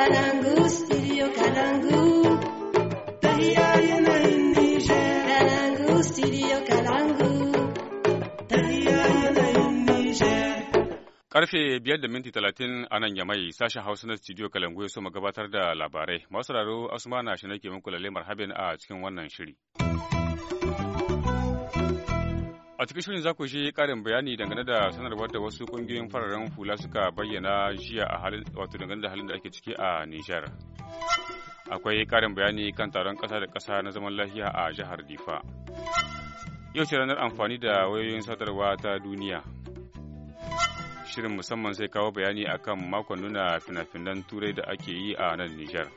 Kalangu, studio Kalangu. Karfe biyar da minti talatin a nan yamai sashen Hausa na studio Kalangu ya so gabatar da labarai. Masu raro Asuma na shi nake muku lalle marhabin a cikin wannan shiri. A cikin shirin za ku shi ƙarin bayani dangane da sanarwar da wasu ƙungiyoyin fararen hula suka bayyana jiya a halin wato dangane da halin da ake ciki a Nijar. Akwai ƙarin bayani kan taron ƙasa da ƙasa na zaman lafiya a jihar Difa. Yau ce ranar amfani da wayoyin sadarwa ta duniya. Shirin musamman sai kawo bayani akan makon nuna fina-finan turai da ake yi a nan Nijar.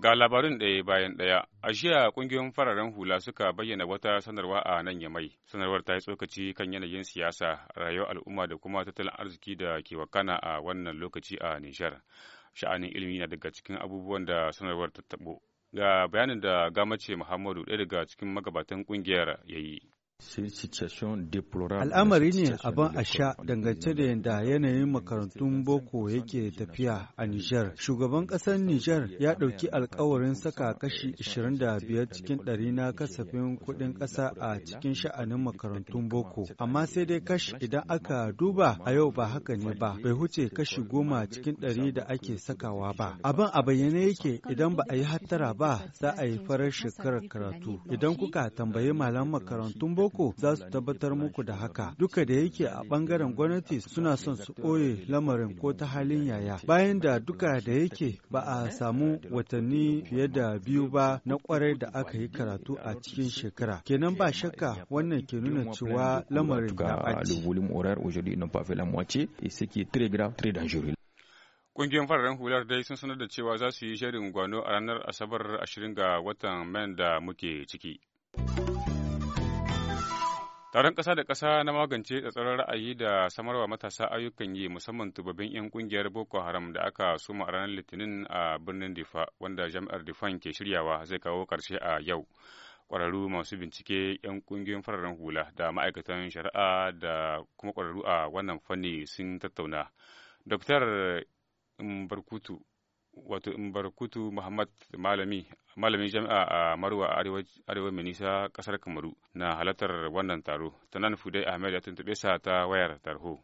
Ga labarin ɗaya bayan ɗaya, a jiya ƙungiyoyin fararen hula suka bayyana wata sanarwa a nan Yamai. Sanarwar ta yi tsokaci kan yanayin siyasa, rayuwar al'umma da kuma tattalin arziki da ke wakana a wannan lokaci a Nijar. Sha'anin ilimi na daga cikin abubuwan da sanarwar ta taɓo. Ga bayanin da Gamace Muhammadu ɗaya daga cikin magabatan ƙungiyar ya yi. Al'amari ne abin a sha dangance da yadda yanayin makarantun boko yake tafiya a Nijar. Shugaban ƙasar Nijar ya ɗauki alkawarin saka kashi 25 cikin ɗari na kasafin kuɗin ƙasa a cikin sha'anin makarantun boko. Amma sai dai kashi idan aka duba a yau ba haka ne ba, bai huce kashi goma cikin ɗari da ake sakawa ba. Abin a bayyane yake idan ba a yi hattara ba za a yi farar shekarar karatu. Idan kuka tambayi malam makarantun boko boko za su tabbatar muku da haka duka da yake a bangaren gwamnati suna son su ɓoye lamarin ko ta halin yaya bayan da duka da yake ba a samu watanni fiye da biyu ba na kwarai da aka yi karatu a cikin shekara kenan ba shakka wannan ke nuna cewa lamarin ya ɓaci. Ƙungiyar fararen hular dai sun sanar da cewa za su yi shirin gwano a ranar Asabar 20 ga watan man da muke ciki. Taron ƙasa da ƙasa na magance tsatsarar ra'ayi da samarwa matasa ayyukan yi musamman tubabin 'yan ƙungiyar Boko Haram da aka suma a ranar Litinin a birnin Difa wanda jami'ar Difan ke shiryawa zai kawo ƙarshe a yau. Ƙwararru masu bincike 'yan ƙungiyoyin fararen hula da ma'aikatan shari'a da kuma ƙwararru a wannan fanni sun tattauna. Dr. Mbarkutu wato kutu Muhammad Malami malami jami'a a Marwa Arewa mai nisa kasar Kamaru na halartar wannan taro. Tanan Fudai Ahmed ya tuntuɓe sa ta wayar tarho.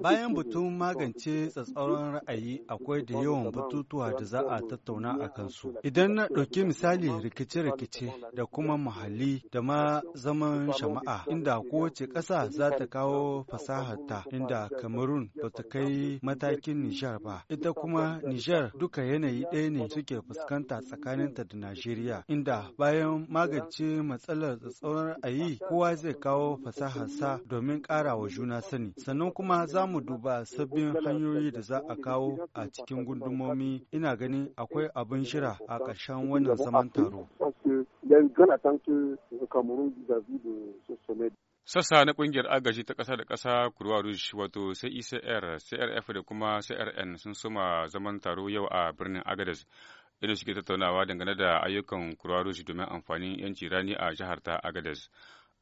Bayan batun magance tsatsauran ra'ayi akwai da yawan batutuwa da za a tattauna a kansu. Idan na ɗauki misali rikice-rikice da kuma mahalli da ma zaman shama'a inda kowace ƙasa za ta kawo fasaharta inda Kamerun ba ta kai matakin Nijar ba. Ita kuma Nijar duka yanayi ɗaya ne suke fuskanta tsakaninta da Najeriya inda bayan magance matsalar tsatsauran ra'ayi kowa zai kawo fasahar sa domin domin ƙarawa juna sani. Sannan kuma za mu duba sabbin hanyoyi da za a kawo a cikin gundumomi ina gani akwai abin shira a ƙarshen wannan zaman taro. Sassa na kungiyar agaji ta kasa da kasa Kurwa Rouge wato CICR, e CRF da kuma CRN sun soma zaman taro yau a birnin Agadez inda suke tattaunawa dangane da ayyukan Kurwa Rouge domin amfanin 'yanci rani a jihar ta Agadez.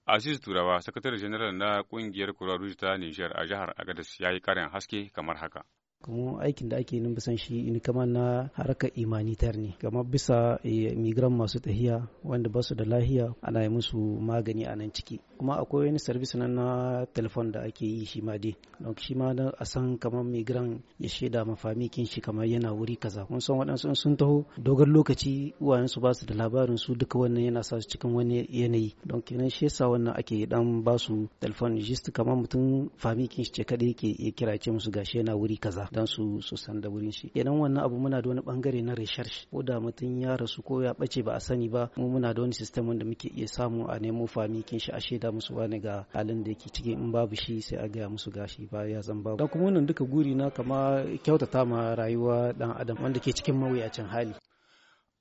Aziz Turawa, sakatare Jeneral na kungiyar Kura ta Nijar a jihar Agadez ya yi karin haske kamar haka. kuma aikin da ake nan bisan shi in kamar na harkar imanitar ne kamar bisa eh, migran masu tahiya wanda ba su da lahiya ana yi musu magani a nan ciki kuma akwai wani service nan na telefon da ake yi shi ma dai don shi ma a san kamar migran ya shaida ma famikin shi kamar yana wuri kaza kun san waɗansu sun taho dogon lokaci uwayen su ba su da labarin su duka wannan yana sa su cikin wani yanayi don kenan shi yasa wannan ake dan ba su telefon just kamar mutum famikin shi ce kadai yake ya kira ce musu gashi yana wuri kaza don su su san da wurin shi idan wannan abu muna da wani bangare na research ko da mutum ya rasu ko ya bace ba a sani ba mu muna da wani system wanda muke iya samu a nemo famikin shi a shaida musu wani ga halin da yake ciki in babu shi sai a gaya musu gashi ba ya zan babu da kuma wannan duka guri na kama kyautata ma rayuwa dan adam wanda ke cikin mawuyacin hali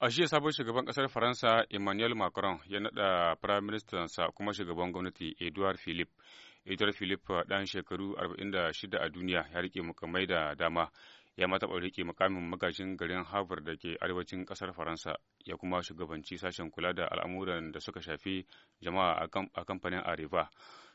A shi sabon shugaban kasar Faransa Emmanuel Macron ya naɗa Prime Minister sa kuma shugaban gwamnati Edouard Philippe Idris Philip dan shekaru 46 a duniya ya rike mukamai da dama. Ya mata taɓa rike mukamin magajin garin Harvard da ke arewacin ƙasar Faransa ya kuma shugabanci sashen kula da al'amuran da suka shafi jama'a a kamfanin Areva.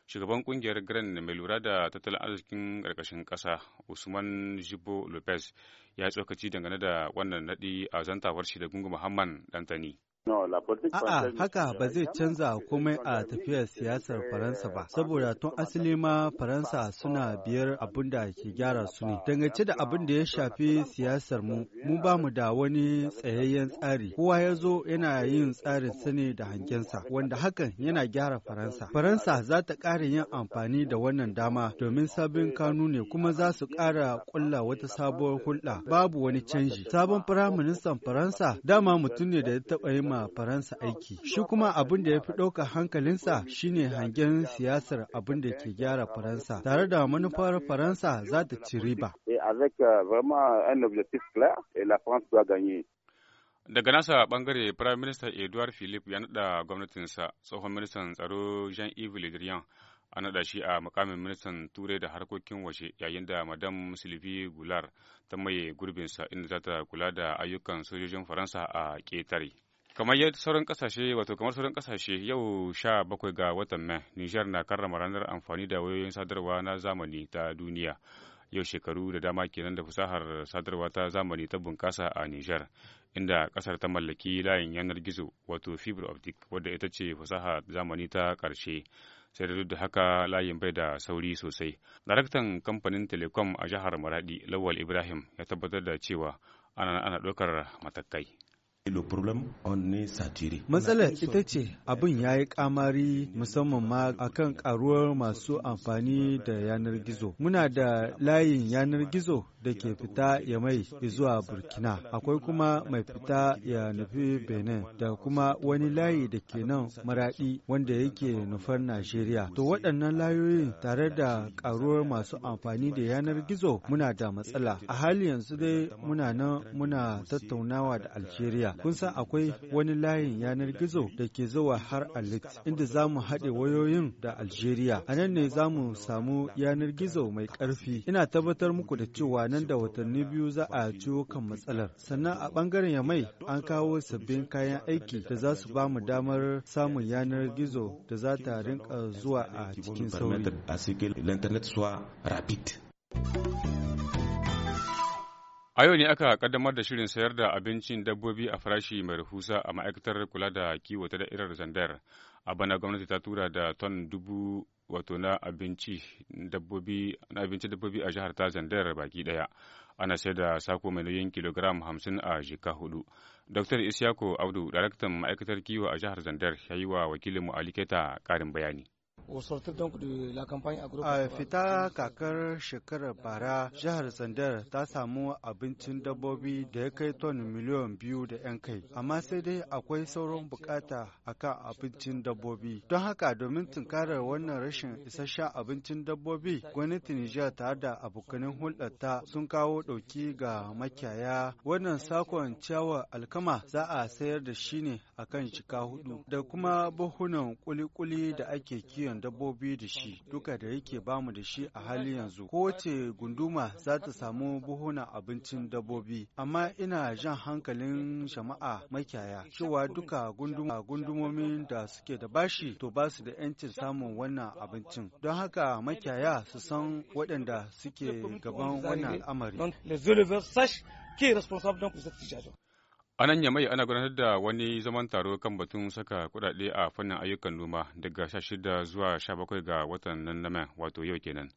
Shugaban ƙungiyar Grand mai lura da tattalin arzikin ƙarƙashin ƙasa Usman Jibo Lopez ya tsokaci dangane da wannan naɗi a zantawar shi da Gungu Muhammad Dantani. A'a, haka ba zai canza komai a tafiyar siyasar Faransa ba, saboda tun asali ma Faransa suna biyar abin da ke gyara su ne. Dangance da abin da ya shafi siyasar mu, mu ba mu da wani tsayayyen tsari. Kowa ya zo yana yin tsarin sani da hangensa, wanda hakan yana gyara Faransa. Faransa za ta ƙara yin amfani da wannan dama domin sabbin ne kuma za su ƙara ƙulla wata sabuwar hulɗa. Babu wani canji. Sabon firaministan Faransa dama mutum ne da ya taɓa yin ma Faransa aiki. Shi kuma abin da ya fi ɗauka hankalinsa shine hangen siyasar abin da ke gyara Faransa, tare da manufar Faransa za ta ci riba. Euh, Daga nasa bangare Prime Minister Edouard Philippe ya naɗa gwamnatinsa tsohon ministan tsaro Jean-Yves Le Drian an nada shi a makamin ministan turai da harkokin waje yayin da madam Sylvie Goulard ta maye gurbinsa inda za ta kula da ayyukan sojojin Faransa a ketare kamar yadda sauran kasashe wato kamar sauran kasashe yau sha bakwai ga watan mai nijar na karrama ranar amfani da wayoyin sadarwa na zamani ta duniya yau shekaru da dama kenan da fasahar sadarwa ta zamani ta bunƙasa a nijar inda kasar ta mallaki layin yanar gizo wato fibur optic wadda ita ce fasaha zamani ta karshe sai da duk da haka layin bai da sauri sosai daraktan kamfanin telecom a jihar maradi lawal ibrahim ya tabbatar da cewa ana ana ɗaukar matakai Matsalar ita ce abin ya yi kamari musamman ma akan karuwar masu amfani da yanar gizo. Muna da layin yanar gizo da ke fita ya mai zuwa Burkina, akwai kuma mai fita ya nufi Benin da kuma wani layi da ke nan maraɗi wanda yake nufar Najeriya. To waɗannan layoyi tare da ƙaruwar masu amfani da yanar gizo muna da matsala. A hali yanzu dai muna nan muna tattaunawa da Algeria. Kun san akwai wani layin yanar gizo da ke zuwa har Alit inda za mu haɗe wayoyin da Algeria. A nan ne za mu samu yanar gizo mai ƙarfi. Ina tabbatar muku da cewa nan da watanni biyu za a ciwo kan matsalar sannan a bangaren yamai an kawo sabbin kayan aiki da za su ba mu damar samun yanar gizo da za ta rinka zuwa a cikin sauri A yau ne aka kaddamar da shirin sayar da abincin dabbobi a farashi mai rahusa a ma'aikatar kula da kiwo ta da'irar Zandar. a bana gwamnati ta tura da ton dubu wato na abinci dabbobi na abinci dabbobi a jihar ta zandar baki daya ana sai da sako mai nauyin kilogram hamsin a jika hudu dr isyako Audu daraktan ma'aikatar kiwo a jihar zandar ya yi wa wakilinmu ali keta karin bayani A fita kakar shekarar bara jihar Zandar ta samu abincin dabbobi da ya kai ton miliyan biyu da 'yan kai, amma sai dai akwai sauran bukata akan abincin dabbobi. Don haka domin tunkarar wannan rashin isasshen abincin dabbobi, gwamnati Nijar tare da abokanin ta sun kawo ɗauki ga makiyaya. Wannan sakon ciyawar alkama za a sayar da shi ne a kan cika hudu da kuma buhunan kulikuli da ake kiyon dabbobi da shi duka da yake bamu da shi a hali yanzu kowace gunduma za ta samu buhunan abincin dabbobi amma ina jan hankalin jama'a makiyaya cewa duka gunduma gundumomin da suke da bashi to ba su da yancin samun wannan abincin don haka makiyaya su san waɗanda suke gaban wannan al'amari A nan Yamai ana gudanar da wani zaman taro kan batun saka kuɗaɗe a fannin ayyukan noma daga 16 zuwa 17 ga watan nan na wato yau kenan.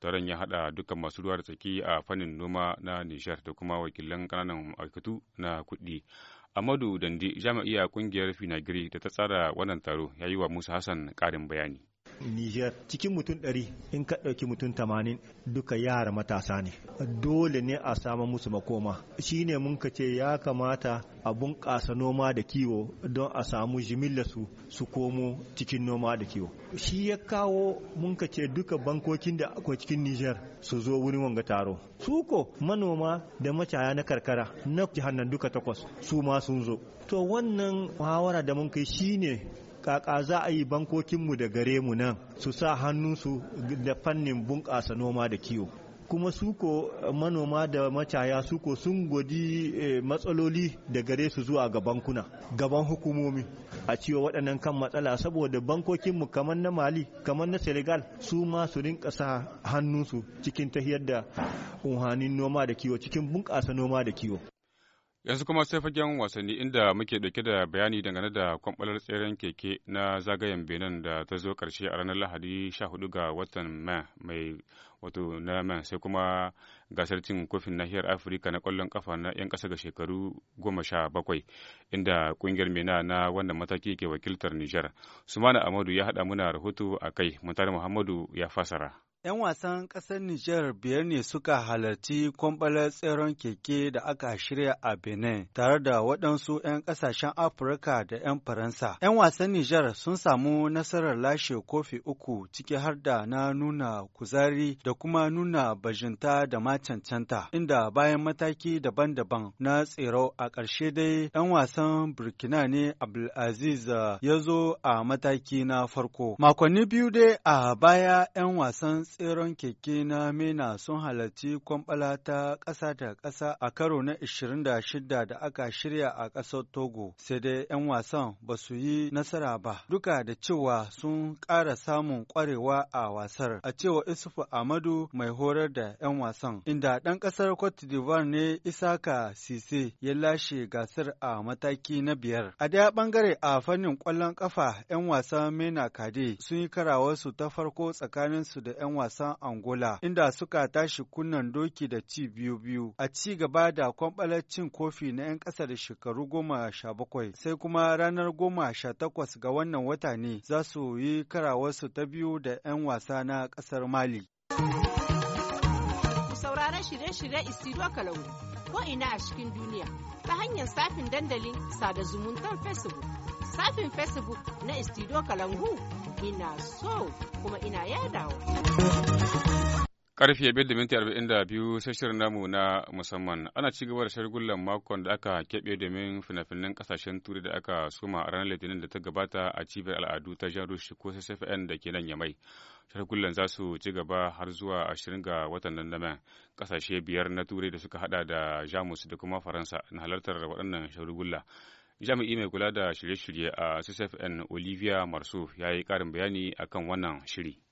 Taron ya haɗa dukkan masu ruwa da tsaki a fannin noma na Nishar da kuma wakilan kananan aikatu na kuɗi. Amadu Dandi jami'a ƙungiyar Finagiri da ta tsara wannan taro ya yi wa Musa Hassan karin bayani. Niger cikin mutum ɗari in ka ɗauki mutum tamanin duka yara matasa ne dole ne a samu musu makoma shine mun ka ce ya kamata a bunƙasa noma da kiwo don a samu jimilla su su komo cikin noma da kiwo shi ya kawo mun ka ce duka bankokin da akwai cikin Niger su zo wurin wanga taro su ko manoma da macaya na karkara na jihar nan duka takwas su ma sun zo to wannan muhawara da mun kai shine kaka za a yi bankokinmu da gare mu nan su sa hannunsu da fannin bunƙasa noma da kiwo kuma suko manoma da macaya suko sun godi eh, matsaloli da gare su zuwa ga bankuna gaban hukumomi a cewa waɗannan kan matsala saboda bankokinmu kamar na mali kamar na senegal su ma su rinka sa hannunsu cikin tahiyar da unhanin noma da kiwo cikin bunƙasa noma da kiwo Yanzu kuma sai fagen wasanni inda muke ɗauke da bayani dangane da kwamɓalar tseren keke na zagayen Benin da ta zo ƙarshe a ranar Lahadi 14 ga watan Mai mai wato na Mai sai kuma gasar cin kofin nahiyar Afirka na kwallon kafa na 'yan kasa ga shekaru 17 inda ƙungiyar MENA na wannan mataki ke wakiltar Nijar. Sumana Amadu ya haɗa muna rahoto a kai, Muhammadu ya fasara. ‘Yan wasan ƙasar Nijar biyar ne suka halarci kwamɓalar tseren keke da aka shirya a Benin tare da waɗansu ‘yan ƙasashen Afirka da ‘yan Faransa. ‘Yan wasan Nijar sun samu nasarar lashe kofi uku ciki har da na nuna kuzari da kuma nuna bajinta da ma cancanta, inda bayan mataki daban-daban na tsero a ƙarshe dai ‘yan wasan Burkina ne Abdulaziz ya zo a mataki na farko. Makonni biyu dai a baya ‘yan wasan tseren keke na MENA sun halarci kwamɓala ta ƙasa da ƙasa a karo na 26 da aka shirya a ƙasar Togo, sai dai 'yan wasan ba su yi nasara ba, duka da cewa sun ƙara samun ƙwarewa a wasar. A cewa Isufu Amadu mai horar da 'yan wasan, inda ɗan ƙasar Cote d'Ivoire ne Isaka Sise ya lashe gasar a mataki na biyar. A daya bangare a fannin ƙwallon ƙafa 'yan wasan MENA Kade sun yi karawarsu ta farko tsakaninsu da 'yan wasan Angola, inda suka tashi kunnan doki da ci biyu-biyu a ci gaba da kwamɓalar cin kofi na 'yan ƙasa da shekaru goma sha bakwai. Sai kuma ranar goma sha takwas ga wannan wata ne za su yi karawarsu ta biyu da 'yan wasa na ƙasar Mali. Sauraron shirye-shirye Isiru Kalau ko ina a cikin duniya ta hanyar safin dandalin sada zumuntar Facebook. Safin Facebook na Istido Kalangu ina so kuma ina yadawa. Karfe biyu sai shirin namu na musamman ana ci gaba da shargullan makon da aka keɓe domin fina-finan kasashen turai da aka suma a ranar litinin da ta gabata a cibiyar al'adu ta jan rushi ko ccfn da ke nan yamai shargullan za su ci gaba har zuwa ashirin ga watan nan nan kasashe biyar na turai da suka haɗa da jamus da kuma faransa na halartar waɗannan shargulla jami'i mai kula da shirye-shirye a ccfn olivia marsuf ya yi ƙarin bayani akan wannan shiri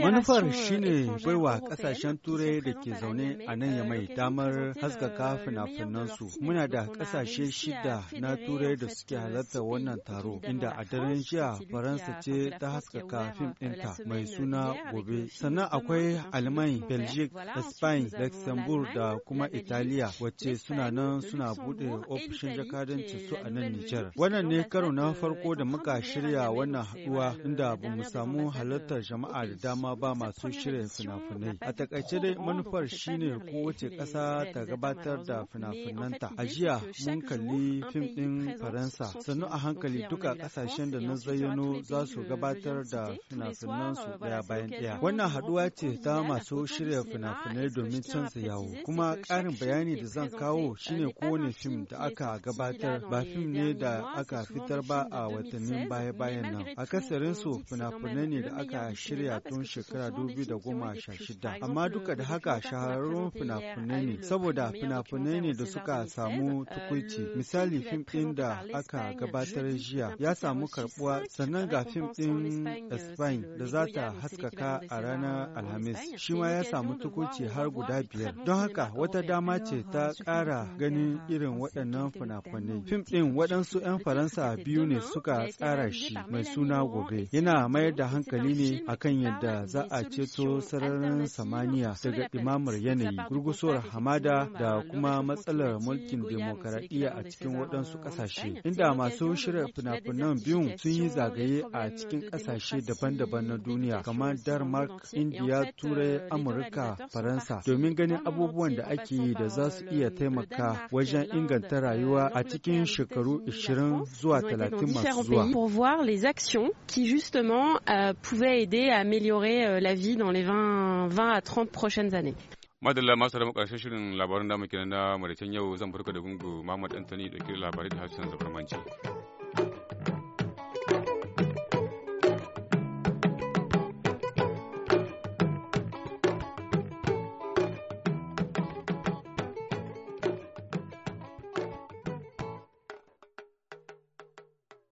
Manufar shine baiwa kasashen turai da ke zaune a nan ya mai damar haskaka fina-finansu. Muna da kasashe shida na turai da suke halarta wannan taro, inda a daren jiya Faransa ce ta haskaka fim ɗinta mai suna gobe. Sannan akwai Alman, Belgique, Spain, Luxembourg da kuma Italiya wacce suna nan suna buɗe ofishin jakadanci su a nan Nijar. Wannan ne karo na farko da muka shirya wannan haɗuwa inda bamu samu halartar jama'a da dama ba masu shirya fina-finai. A takaice dai manufar shine kowace ƙasa ta gabatar da fina-finanta. A jiya mun kalli fim ɗin Faransa, sannu a hankali duka ƙasashen da na zayyano za su gabatar da fina-finansu ɗaya bayan ɗaya. Wannan haɗuwa ce ta masu shirya fina-finai domin canza yawo. Kuma ƙarin bayani da zan kawo shine kowane fim da aka gabatar ba fim ne da aka fitar ba a watannin baya-bayan nan. Akasarinsu fina-finai ne ne da aka shirya tun shekara shida amma duka da haka shahararrun fina-finai ne saboda fina-finai ne da suka samu tukuici misali fim ɗin da aka gabatar jiya ya samu karbuwa sannan ga fim ɗin spain da za ta haskaka a ranar alhamis shi ma ya samu tukuici har guda biyar don haka wata dama ce ta ƙara ganin irin waɗannan fina-finai fim ɗin waɗansu 'yan faransa biyu ne suka tsara shi mai suna gobe yana mayar da hankali ne akan yadda za a ceto sararin samaniya daga ɗimamar yanayi gurgusuwar hamada da kuma matsalar mulkin demokaradiyya a cikin waɗansu ƙasashe inda masu shirya fina-finan biyun sun yi zagaye a cikin ƙasashe daban-daban na duniya kamar denmark indiya turai amurka faransa domin ganin abubuwan da ake yi da za su iya taimaka wajen inganta rayuwa a cikin shekaru 20 zuwa 30 masu zuwa. Euh, pouvait aider à améliorer euh, la vie dans les 20, à 30 prochaines années.